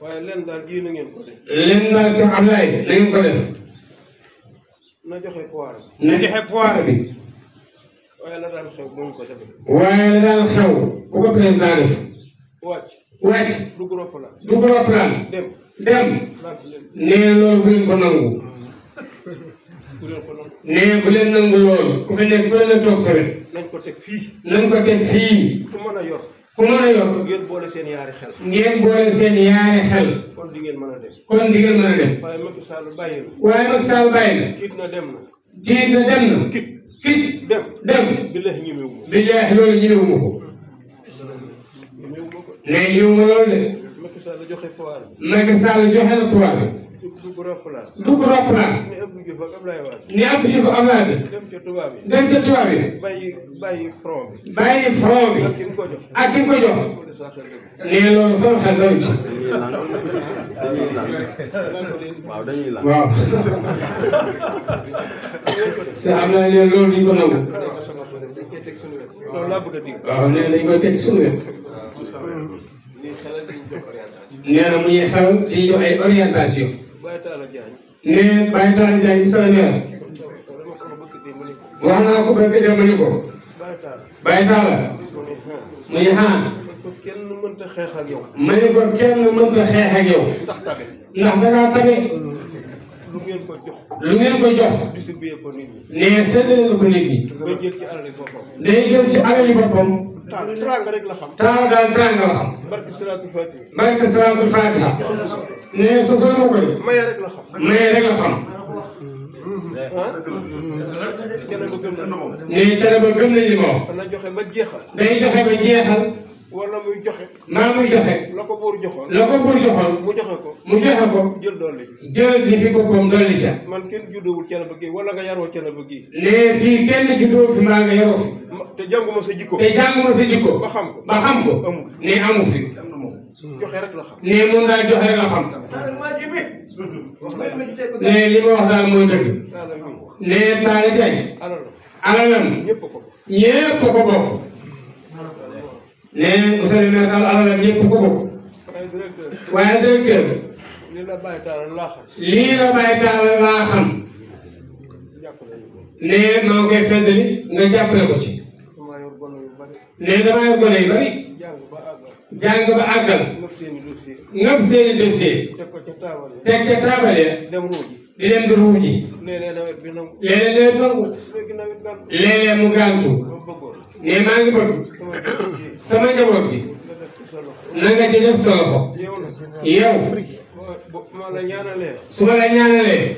waaye lenn daal ji na ngeen ko def. lenn daal si Ablaye na ngeen ko def. na joxe pouvoir bi. na joxe pouvoir bi. waaye la daal xew moom ko defee. waaye la daal xew ku ko président def. wàcc. wàcc. dugg roppalaan. dugg roppalaan. dem. dem nee loolu bu leen ko nangu nee bu leen nangu loolu ku fi nekk bu leen la toog sa nañ ko teg fii nañ ko teg fii ku mën a yor ngeen boole seen yaari xel ngeen boole seen yaari kon di ngeen mën a dem kon di ngeen a dem waaye Macky Sall bàyyi na waaye na dem na kiit dem na kiit kiit dem dem billahi ñemewu ko ñemewu ma ko loolu de Sall joxe pouvoir bi. Macky Sall joxe na pouvoir bi. dugg roppalaan. dugg roppalaan. ni Abdou Diouf ak Abdoulaye Wade. ni Abdou Diouf ak Abdoulaye ko jox ak ki nga xel dañuy waaw am na léegi loolu duñ ko nangu. waaw nee nañ ko teg suñu nee na mu ñuy xelal di jox ay orientation. nee Baye Talla Diagne sama meer. wax naa ko ba dem ni ko. Baye Talla. mu ñu xaar. ma ne ko kenn mënta xeex ak yow. ndax dangaa tabe. lu ngeen ko jox. lu ngeen ko jox. nee séddale ko nit ñi. day jël ci alali boppam. ترانغ رك لا خم ترانغ ترانغ لا خم برك سورة الفاتحة برك سورة الفاتحة ني سورة مقل ما يرك لا خم ما يرك لا خم ني ترى بقول لي ما أنا جوخي بجيخة ني جوخي بجيخة wala muy joxe. naa la ko buur joxoon. la ko mu joxe ko. mu joxe jël dolli. jël li fi boppam dolli ca. man wala nga yaroo Thiénaba gi. ne fii kenn juddoo fi mbaa nga yaroo fi. te jànguma sa jikko. te jànguma sa ba xam ko xam ko. amul ne amu fi. joxe rek la xam. ne moom daal joxe rek la xam. ne li ma wax daal mooy dëgg. ne taali tey. alalam. ñëpp ko bokk. ne monsieur le maire daal alal ñëpp ko bokk. waaye directeur. lii la bàyyi taal laa xam. lii la bàyyi taal laa xam. ne maa ngi koy fàttali nga jàppale ko ci. ne damaa yor gone yu bari. jàng ba àggal. nëb seeni dossier. teg ko ca taabal ya. dem ruuj. di dem di ruuji. léeg-léeg nawet bi nangu. léeg-léeg nawet nangu. léeg-léeg mu gàntu. ne maa ngi bëgg. sama njaboot bi. na nga ci def sa loxo. yow. su ma la ñaanalee.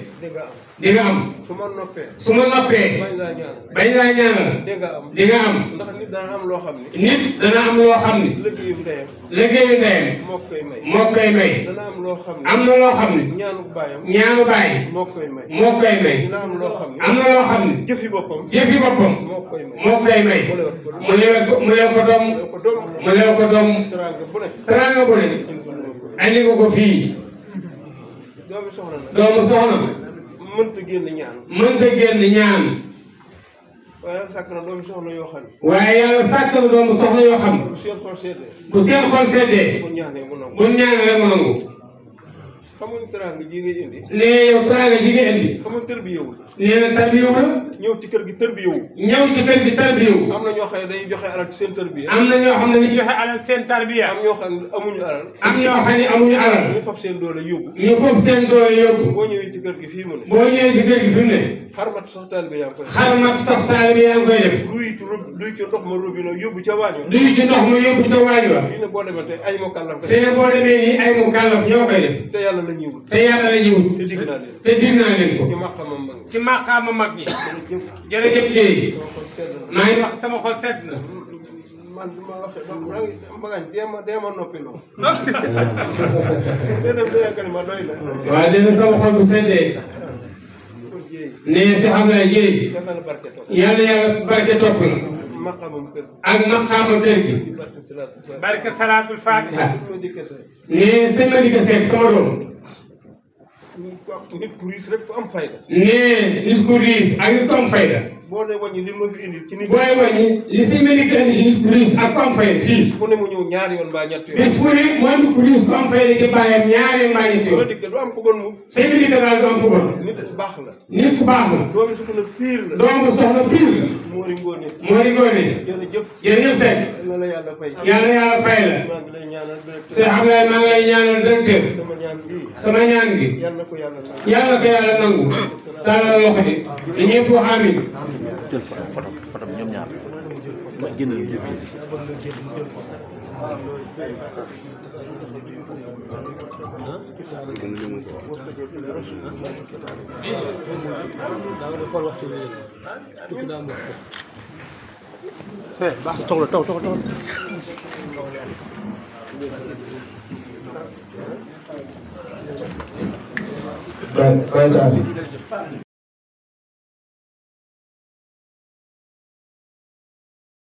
di nga am. su ma noppee. su ma noppee. bañ laa ñaanal. bañ laa ñaanal. di am di nga am. ndax nit dana am loo xam ne. nit dana am loo xam ne. liggéeyu ndeyam. liggéeyu moo koy may moo koy may. dana am loo xam ne. am na loo xam ne. ñaanu baayam moo koy may moo koy may. dina am xam ne. am na loo xam ne. jëfi boppam. jëfi moo koy may moo koy may. mu ko mu ko doom. mu lew ko doom. teraanga bu ne. teraanga bu ne. ko ko fii. doomu soxna. doomu mënta génn ñaan. mënta génn ñaan. waaye yàlla sàkk na doomu soxla yoo xam. waaye yàlla sàkk na yoo xam. bu seen xol seddee. bu mu nangu bu xamuñ teraanga ji ngay indi. nee yow teraanga ji ngay indi. xamuñ tërbiyewul. nee na tërbiyewul la. ñëw ci kër gi tërbiyewul. ñëw ci kër gi tërbiyewul. am na ñoo xam ne dañuy joxe alal seen tërbiya. am na ñoo xam ne dañuy joxe alal seen tarbiya. am ñoo xam ne amuñu alal. am ñoo xam ne amuñu alal. ñu fab seen doole yóbbu. ñu fab seen doole yóbbu. boo ñëwee ci kër gi fii mu ne. boo ñëwee ci kër gi fii mu ne. xarmat sax taalibe yaa ngi koy def. xarmat sax taalibe yaa ngi koy def. luy ci luy ci ndox ma robinet yóbbu ca waañ wa. luy ci ndox ma yóbbu ca waañ wa. fii ne boo demee tey ay mu kàllaf. fii ne boo demee nii ay mu kàllaf ñoo koy def. te yàlla la ñuy wut. te yàlla la ñuy wut. te dig naa leen te dig naa leen ko. ci maqaama mag ci maqaama mag mi. jërëjëf Dieye. maa ngi wax sama xol sedd na. man bi ma waxee maa ngi Mbagañ deema deema noppiloo. déedéet bu yàgg ma doy la. [LAUGHS] waaw dina sama xol bu seddee. nee si Ablaye Dieye. yàlla yàlla barke topp la. maqaamam kër. ak maqaamam kër gi. barke salaatul faatiha. nee sëñ Madické Seck sama doom. nit ku riis rek ku am fayda. nee nit ku riis ak nit ku am fayda. boo dee wàññi li ma fi indil nit. booy wàññi ni que ni kuris ak ku am fay fii. ku ne mu ñëw ñaari yoon mbaa ñetti yoon. bis ku ne moom kuris ku am fay la ci bàyyam ñaari mbaa ñetti yoon. du am ku bon mu. seen nit daal du am ku bon. nit baax la. nit ku baax la. di ngóone. moo di ngóone. jërëjëf jërëjëf Seck. yàlla na yàlla fay. la. maa ngi lay ñaanal lay ñaanal directeur. sama ñaan gi. ñaan gi. yàlla na ko yàlla nangu. yàlla na ko yàlla nangu. tàllal loxo bi. jël photo photo photo bi ñoom ñaar ma génn lu jëf Fè, bak, tol, tol, tol, tol. Ben, ben tabi.